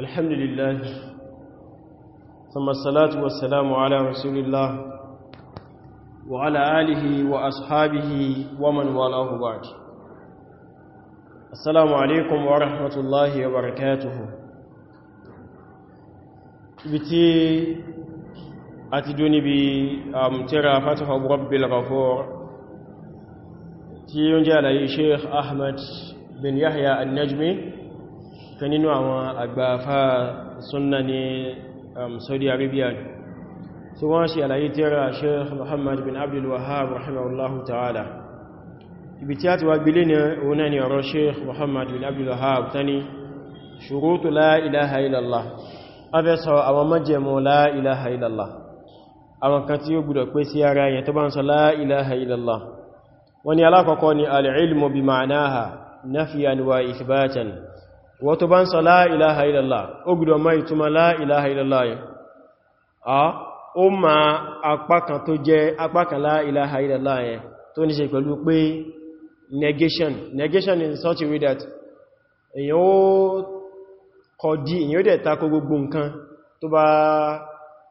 الحمد لله ثم الصلاة والسلام على رسول الله وعلى آله وأصحابه ومن والاه بعد السلام عليكم ورحمة الله وبركاته بتي أتدوني بمترى فتح رب الغفور تي ينجي على الشيخ أحمد بن يحيى النجمي ìkan nínú àwọn àgbàfà súnnà ní um, Saudi Arabia tí wọ́n ṣe àlàyé tírà Sheikh Muhammad bin Abdul Wahhab rahimahullahu ta'ala ibi tí a ti wá gbílé ní òun náà ni ọ̀rọ̀ Sheikh Muhammad bin Abdul Wahhab tani ṣurutu la ilaha illallah abẹ́ sọ àwọn májẹ̀mú la ilaha illallah àwọn kan tí ó gbọ́dọ̀ pé sí ara yẹn tó bá ń sọ la ilaha wọ́n ni alákọ̀ọ́kọ́ ni al bi ma'naha nafiyan wa ithbatan wọ́n tó bá ń sọ la ilaha illallah ó gbọ́dọ̀ mọ̀ ìtumọ̀ la ilaha yìí a ó ma apákan tó jẹ́ apákan la ilaha illallah tó ní ṣe pẹ̀lú pé negation negation in such a way that èyàn ó kọdí èyàn ó dẹ̀ tako gbogbo nǹkan tó bá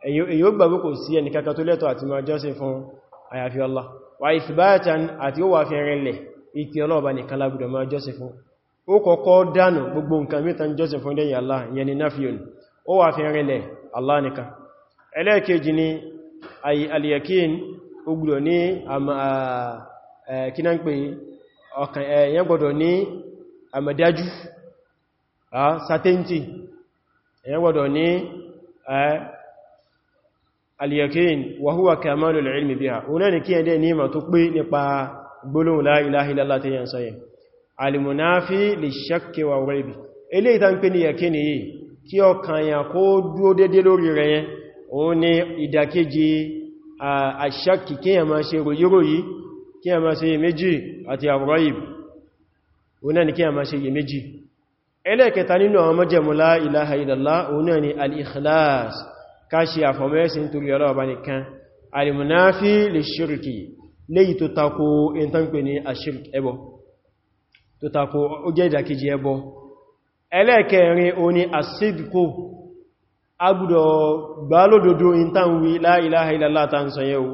èyàn ó gbàgbé kò sí ẹni kankan tó lẹ́tọ̀ àti máa jọ́sìn fún àyàfi Allah wa ithbatan àti ó wà fi rẹ̀lẹ̀ ìpí ọlọ́ọ̀bá nìkan lágbùdọ̀ máa jọ́sìn fún ó kọ́kọ́ dánù gbogbo nǹkan mẹ́ta joseph fún dẹ́yìn allah yẹni nafiyon ó wà fi rẹlẹ̀ allah nìka ẹlẹ́ẹ̀kejì ni aliyakin ogbùdọ̀ ní kíná ń pè ẹ̀yẹn gbọ́dọ̀ ní àmàdájú certainty ẹ̀yẹn gbọ́dọ̀ ní aliyakin wa huwa kamalul ilmi biha ó náà ni kí ẹ̀dẹ́ ní ìmọ̀ tó pé nípa gbólóhùn la ilaha illallah tẹ́yẹn alìmùnáfí lè ṣakki wa wẹ́bì ilé ìta ń pè ní yàkí ni yìí kí ọkàn yà kó dúó dédé lórí rẹ̀ yẹn o ní ìdàkejì àṣakki kí yà máa ṣe ròyíròyí kí yà máa ṣe méjì àti àwọ̀rọ̀yìb o náà ni kí yà máa léyìí tó takò ìntànpẹ̀ ní àṣirk ẹbọ̀ tó tako ó jẹ́ ìdàkejì ẹbọ ẹlẹ́ẹ̀kẹrin o ni asidko agbùdọ̀ gbá lódodo intanwi la ilaha illallah ta ń sanye o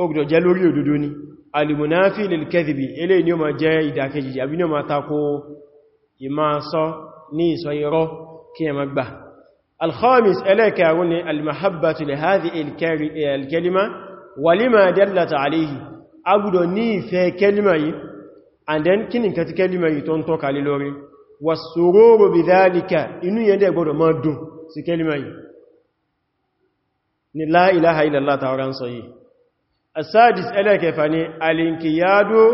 ó gbùdọ̀ jẹ́ lórí òdodo ni alimunafi lilkethibi ilé ni ó ma jẹ́ ìdàkejì àbí ni ó ma tako ìmá sọ ní ìsọ irọ́ kí ẹ ma gbà alkhamis ẹlẹ́ẹ̀kẹrin and then kí ni nǹkan tí kẹ́lìmọ̀ yìí tó ń tọ́ka lé lórí wàsòróòrò bí dáálìkà inú yẹn dẹ̀ gbọdọ̀ máa dùn sí kẹ́lìmọ̀ yìí ni la ilaha illallah tàwárán sọ yìí asadis ẹlẹ́kẹfà ni alinkiyado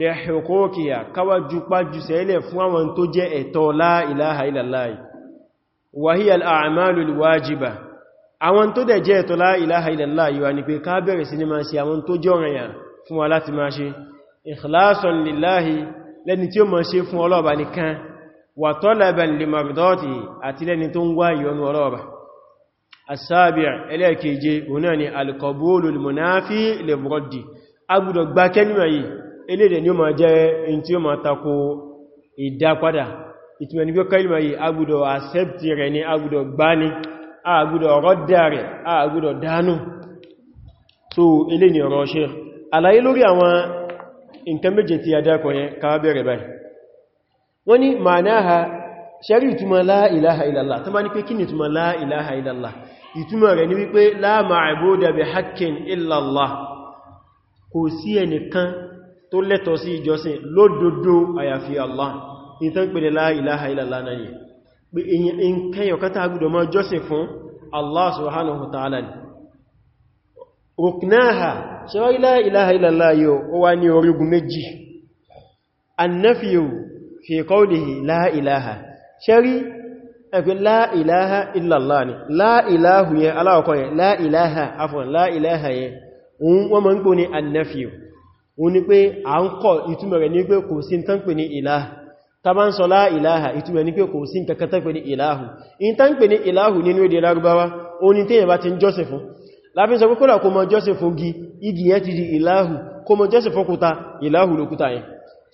lè hukukiya káwà jupa jùsẹ̀ẹ́lẹ̀ fún àwọn tó jẹ́ ẹ̀tọ́ la ilaha ikhlasan lillahi lẹ́ni tí ó mọ̀ ṣe fún ọlọ́ọ̀bá nìkan wà talaban li mardati àti lẹ́ni tó ń wá ìyọnú ọlọ́ọ̀bá asábíà ẹlẹ́ẹ̀keje òun náà ni alkọbólù lùmọ̀náfí lè bọ́dì agbùdọ̀ gba kẹ́nìmọ̀ yìí elédè ni ó ma jẹ́ in tí ó ma tako ìdápadà ìtumẹ̀ ni bí ó kẹ́nìmọ̀ yìí agbùdọ̀ accepti rẹ̀ ni agbùdọ̀ àlàyé lórí àwọn nǹkan méje tí a dákọ̀ yẹn ká bẹ̀rẹ̀ báyìí wọ́n ní ma'anaha ṣẹ́rí ìtumọ̀ la ilaha illallah tó bá ní pé kí ni ìtumọ̀ la ilaha illallah ìtumọ̀ rẹ̀ ní wípé la ma'buda bi haqqin illallah kò sí ẹnìkan tó lẹ́tọ̀ọ́ sí ìjọsìn lódodo àyàfi Allah ìtàn pè la ilaha illallah náà ni pé nǹkan ruknáhà ṣe wá la ilaha illallah yóò ó wá ní orígun méjì annafiyu fi qawlihi la ilaha ṣẹ́rí ẹgbẹ́ la ilaha illallah ni la ilahu yẹ aláwọ̀kọ́ yẹ la ilaha afọ̀n la ilaha yẹ òun wọ́n mọ́ ń pò ní annafiyu òun ni pé ní pé kò sí tán pè ní ilaha ta ní pé nínú èdè lárúbáwá ó tí èyàn bá ti ń jọ́sìn fún láfí sọ pípọ́lá kó mọ jọ́sìn fún gi igi yẹn ti di ìláhù kó mọ jọ́sìn fún kúta ìláhù lókúta yẹn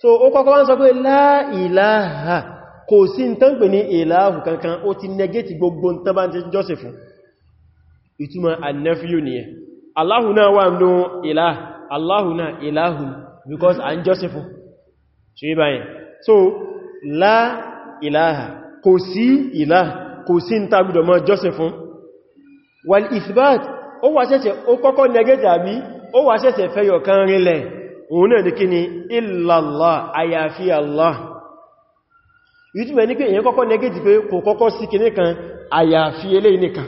so ó kọ́kọ́ wọ́n sọ pé láìláha kò sí ń tán pè ní ìláhù kankan ó ti negate gbogbo tán because a ń jọ́sìn fún so láìláha kò sí ìláh kò sí ń tagbùdọ̀ mọ́ jọ́sìn fún wal ithbat ó wà ṣẹ̀ṣẹ̀ ó kọ́kọ́ negate àbí ó wà kan òun náà ní Allah ìtumọ̀ ní pé èyàn kọ́kọ́ negate pé kò kọ́kọ́ sí kíní kan àyàfi eléyìí nìkan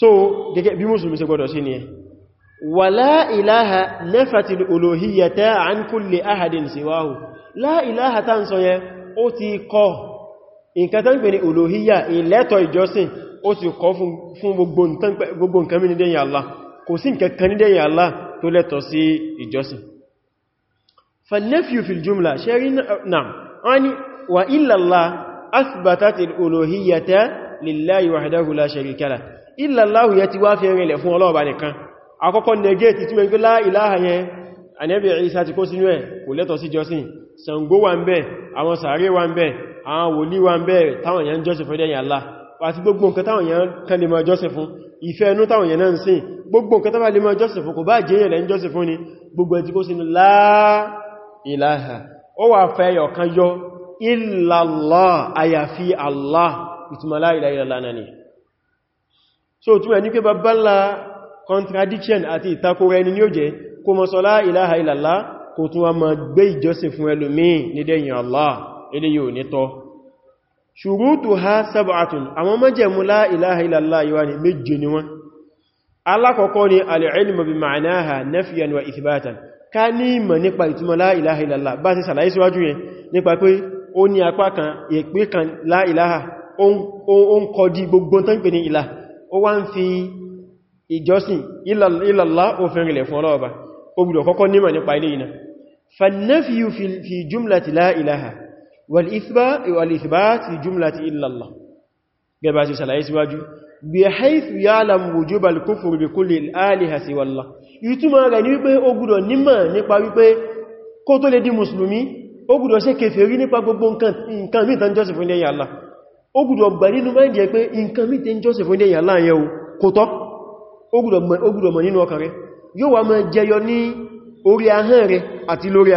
so gẹ́gẹ́ bí mùsùlùmí ṣe gbọ́dọ̀ sí ni ẹ wala ilaha nafatil taa an kulli ahadin siwahu Laa ilaha ó ti kọ́ nǹkan ni pè ìlẹ́tọ̀ ìjọsìn ó sì kọ́ fún gbogbo nǹkan mìí dẹ́yìn Allah kò sí nǹkan kan ní dẹ́yìn Allah tó lẹ́tọ̀ sí ìjọsìn fannafyu fil jumla ṣẹ́rí náà wọ́n ni wa illa Allah asbatatil uluhiyyata lillahi wahdahu la sharika lah illa Allah yẹ ti wá fi rìnlẹ̀ fún ọlọ́ọ̀bá nìkan akọ́kọ́ negate tí mẹ́gbẹ́ la ilaha yẹn anẹ́bì Ìsá ti kó sínú ẹ̀ àwọn sàárè wà ń bẹ àwọn wòlí wà ń bẹ táwọn yẹn jọsìn fẹ́dẹ̀yìn Allah àti gbogbo nǹkan táwọn èèyàn kan lè máa jọ́sìn fún ìfẹ́ ẹnú táwọn èèyàn náà ń sìn gbogbo nǹkan táwọn lè máa jọ́sìn fún kò bá jẹ́ èèyàn ń jọ́sìn fún ni gbogbo ẹ̀ tí kó sínú la ilaha ó wà fẹ́ ọ̀kan yọ illallah àyàfi Allah ìtumọ̀ la ilaha illallah náà ni so túnmọ̀ contradiction àti ìtakora ẹni ni ó jẹ́ kó mọ́ sọ la ilaha illallah kò Allah eléyìí ò ṣùrútù ha sab'atun àwọn májẹ̀mú la ilaha illallah yíwa ni méje ni wọ́n alákọ̀ọ́kọ́ ni al'ilmu bi ma'anaha nafiyan wa ithbatan ká ní ìmọ̀ nípa ìtumọ̀ la ilaha illallah bá ti sàlàyé síwájú yẹn nípa pé ó ní apá kan èpé kan la ilaha ó ń kọdí gbogbo tán pè ní ìlà ó wá ń والإثبات لجملة إلا الله gẹba ṣe ṣàlàyé síwájú bí haithu ya lam wujubal kufur bi kulli al-aliha siwa Allah ìtumọ̀ rẹ̀ ní wípé ó gbọ́dọ̀ nímọ̀ nípa wípé kó tó lè di mùsùlùmí ó gbọ́dọ̀ ṣe kèfèrí nípa gbogbo nǹkan mí tán jọ́sìn fún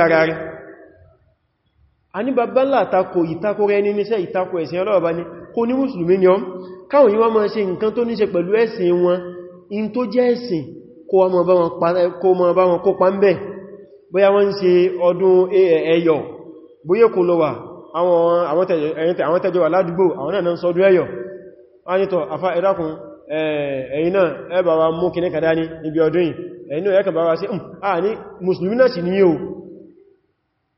lẹ́yìn a ní babbala àtakò ìtakò rẹ nínú iṣẹ́ ìtakò ẹ̀sìn ọlọ́ọ̀bá ní kò ní mùsùlùmí ni ọm káwọn yíwá máa ṣe nǹkan tó níṣe pẹ̀lú ẹ̀sìn wọn in tó jẹ́ ẹ̀sìn kó máa bá wọn kópa ń bẹ̀ bóyá wọ́n ń ṣe ọdún ẹyọ bóyá kò lọ wà àwọn tẹjọ wà ládùúgbò àwọn náà sọdún ẹyọ wọ́n ní tọ́ afá ẹ̀dàkùn ẹ̀yìn náà ẹbà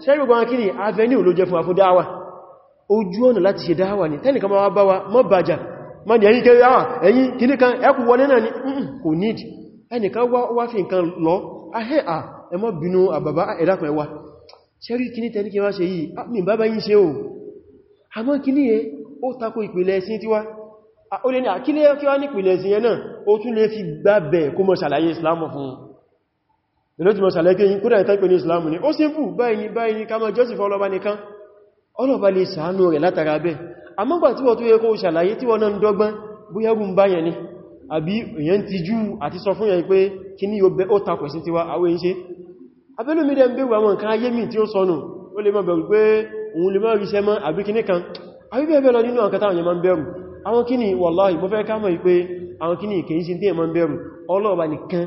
ṣe gbogbo wọn kí ni avenue ló jẹ́ fún àfún dáwà ojú ọ̀nà láti ṣe dáwà ní tẹ́nìkan ma wá bá wa mọ́ bàjá ma ní ẹ̀yìn kẹrẹ àwà ah, ẹ̀yìn kìní kan ẹkù wọlé náà ní kò need ẹnìkan wá fi nǹkan lọ ahẹ́ à ẹmọ́ bínú àbàbá ẹ̀dàkùn ẹwà ṣe rí kìní tẹ́nìkẹ wá ṣe yìí ah, mi bàbá yìí inú ti mọ̀ sàlẹ́kẹ́ yìí kúrò ìtàkì ní islam ni ó sì fún báyìí báyìí ká mọ́ jọ́sì fún ọlọ́bá nìkan ọlọ́bá lè sàánú rẹ̀ látara bẹ́ àmọ́gbà tí wọ́n tó yẹ kó sàlàyé tí wọ́n náà ń dọ́gbọ́n bóyárùn báyẹ̀ ni mi tí ó sọnù ó lè mọ́ bẹ̀rù pé òun lè mọ́ ríṣẹ́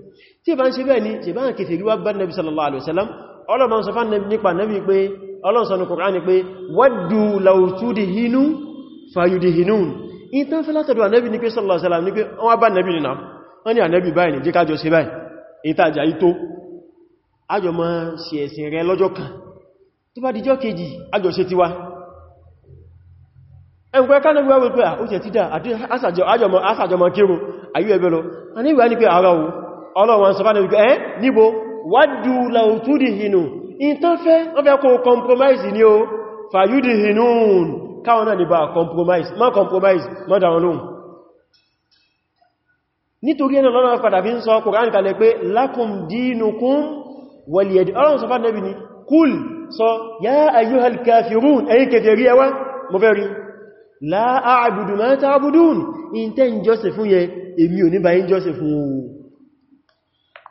tí bá ń ṣe bẹ́ẹ̀ ni ṣe bá ń kèfè rí wá bá nàbí sallallahu alaihi wasallam ọlọ́mọ sọ fán nípa nàbí pé ọlọ́sọ̀nù kòránì pé waddu law tudhinu fayudhinun in tán fẹ́ látọ̀dọ̀ nàbí ní pé sallallahu alaihi wasallam ní pé wọ́n bá nàbí nìna wọ́n àti àṣàjọmọ̀ kírun àyíwẹ̀bẹ̀ lọ a ní ìwà ní pé ara ohun ọlọ́wọ́n sọ fánà ẹ̀ níbo wádù láòtúdì hìnú in tán fẹ́ wọ́n fẹ́ kó compromise ní o fàyúdì hìnú káwọn náà níbà compromise ma compromise ma dáwọn lóhun nítorí ẹ̀nà lọ́nà padà fi ń sọ Kùránì kalẹ̀ pé lakum dinukum waliyad ọlọ́run sọ fánà bí ni kúl sọ ya ayyuhal kafirun ẹ̀yin kèfèrí ẹwà mo fẹ́ rí la a'budu ma ta'budun in tẹ́ ń jọ́sẹ̀ fún yẹ èmi ò ní bá fún ooo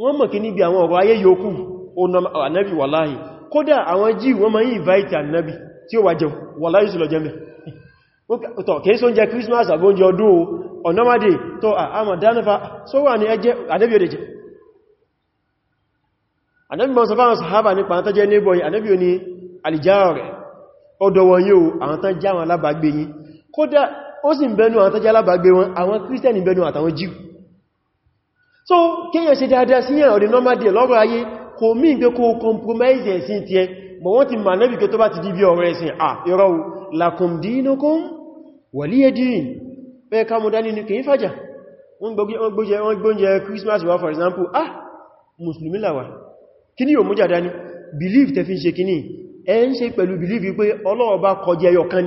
wọ́n mọ̀ kí níbi àwọn ọ̀rọ̀ ayé yòókù ànábì wàláhì kódà àwọn jíù wọ́n máa ń invite ànábì tí ó wà jẹun wàláhì sí lọ jẹ́mẹ̀ tọ̀ kìí só ń jẹ Christmas àbóúnjẹ ọdún ọ̀nọ́màdé tó àmà dánáfà só wà ní ẹjẹ́ ànábì òdè jẹ ànábì mọ́ sọfáwọn sàhábà nípa àwọn tọ́jẹ́ nébọ̀ yìí ànábì òní àlìjáwọ̀ rẹ̀ ọdọ̀ wọn yóò àwọn tán so kíyàn ṣe dáadáa sí yàn ọ̀dẹ̀ normal day lọ́rọ̀ ayé kò mí pé kó compromise ẹ̀sìn tí ẹ bọ̀ wọ́n ti mà náà bí kí tó bá ti di bí ọ̀rọ̀ ẹ̀sìn à ah, irọ́ lakum dinukum waliya din pé ká mú dání ní kìí Christmas for example ah musulmi làwà kí ni yóò mú jàdá ní belief tẹ́ fi ń ṣe kíní ẹ ń ṣe pẹ̀lú belief pé ọlọ́ọ̀bá kọjẹ ẹyọ kan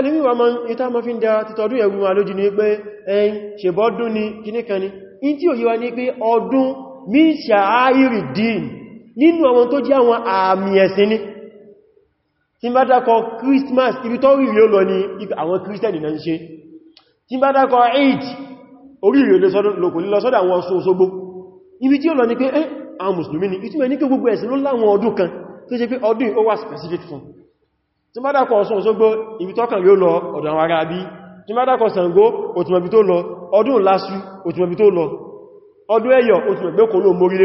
ẹlùmí wa máa ìta ma fi ń da títọdún ẹ̀rù wa ní pé ẹ̀yìn ṣèbọ́dún ni kìníkan ni in tí ò yíwa ní pé ọdún min ṣàáìrì dìn nínú àwọn tó jẹ́ àwọn àmì ẹ̀sìn ni tí bá dákọ̀ Christmas ibi tó rí yóò lọ ní àwọn Christian náà ń ṣe tí bá dákọ̀ Eid orí ìrìnlọ́sọ́dọ̀ àwọn Òṣogbo ibi tí ó lọ ní ni ìtumẹ̀ ní kí gbogbo ẹ̀sìn ló láwọn ọdún kan tó ṣe specific fún tí má dákọ̀ Ọ̀ṣun Òṣogbo ibi tọ́kàn yóò lọ ọ̀dọ̀ àwọn ará bí tí má dákọ̀ Ṣàngó òtùmọ̀bí tó lọ ọdún lásù òtùmọ̀bí tó lọ ọdún ẹyọ òtùmọ̀gbé kò ló mórí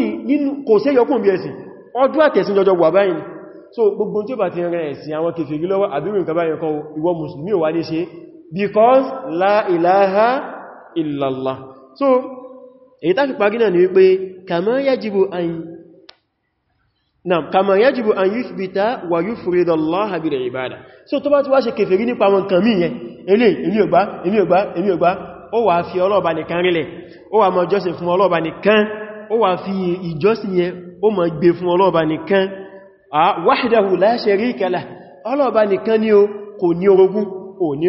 ni nínú kò sí ẹyọkùn bí ẹ̀sìn ọdún àtẹ̀sìn jọjọ wà so gbogbo tí ó bá ti rẹ̀ ẹ̀sìn àwọn kèfèrí lọ́wọ́ àbírù nǹkan báyìí kọ́ ìwọ mùsùlùmí because la ilaha illallah so èyí tá fi parí náà ni wípé kàmọ́ yajibu ayin Naam kama yajibu an yuthbita wa yufridu Allah bil ibada. So tó bá ti wá ṣe kèfèrí nípa wọn kan mi yẹn. Ele èmi ò gbà, èmi ò gbà, èmi ò gbà. Ó wá fi Ọlọ́ba nìkan rile. Ó wá máa jọ́sìn fún Ọlọ́ba nìkan. Ó wá fi ìjọ́sìn yẹn ó máa gbé fún Ọlọ́ba nìkan. Ah wahdahu la sharika lah. Ọlọ́ba nìkan ni ó kò ní orogún, ó ní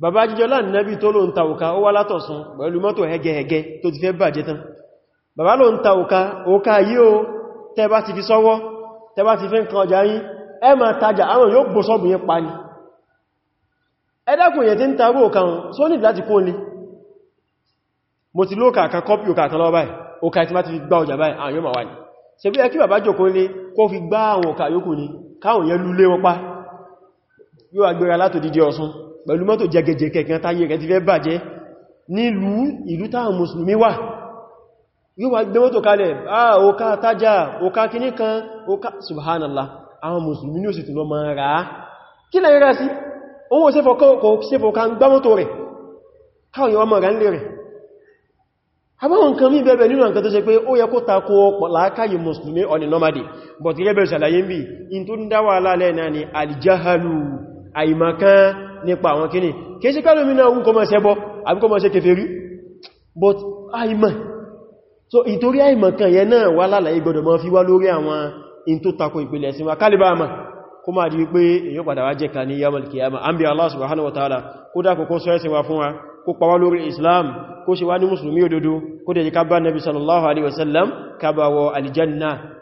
bàbá jíjọlá nẹ́bí tó ló ń ta òka ó wá látọ̀sán pẹ̀lú mọ́tò ẹgẹ́ẹgẹ́ tó ti fẹ́ bàjẹ́ tán bàbá ló ń ta òka òka yí o tẹ́bá ti fi sọ́wọ́ tẹ́bá ti fi ń kan ọjà yín ẹ ma tajà àwọn yóò bò sọ́bù yẹn pa ni ẹdẹ́kùn yẹn ti ń tarú òka wọn só nìdí láti kó ní mo ti lóòkà kan pẹ̀lú mọ́tò jẹgẹjẹgẹ kan táyé rẹ̀ ti fẹ́ bàjẹ́ nílùú ìlú táwọn mùsùlùmí wà yíò wà gbé mọ́tò kalẹ̀ ah oká tájá oká kíní kan oká subhanallah àwọn mùsùlùmí ní òsì tìlọ máa rà á kí lẹ́ rẹ̀ sí ohun òsèfọ̀ká ń gbá mọ́tò rẹ̀ káwọn yíò nǹkan mí bẹ̀bẹ̀ nínú nǹkan tó ṣe pé ó yẹ kó takó mùsùlùmí ọ̀nà nọ́màdì but gẹ́gẹ́ bẹ̀rẹ̀ ṣàlàyé ń bí in nípa àwọn kíní kìí sí kálòmínà ogun kọmọ̀ ṣe bọ́ àbí kọmọ̀ ṣe kèfèrí but àìmọ̀ so ìtorí àìmọ̀ kan yẹn náà wà lálàyé gbọdọ̀ mọ́ fi wá lórí àwọn in tó tako ìpìlẹ̀ sí wa kálìbà àmà kó máa di wípé Allah subhanahu wa ta'ala kó dákò kó sọ ẹ̀sìn wa fún Islam kó ṣe wá ní musulmi nabi sallallahu alaihi wasallam ká bá wọ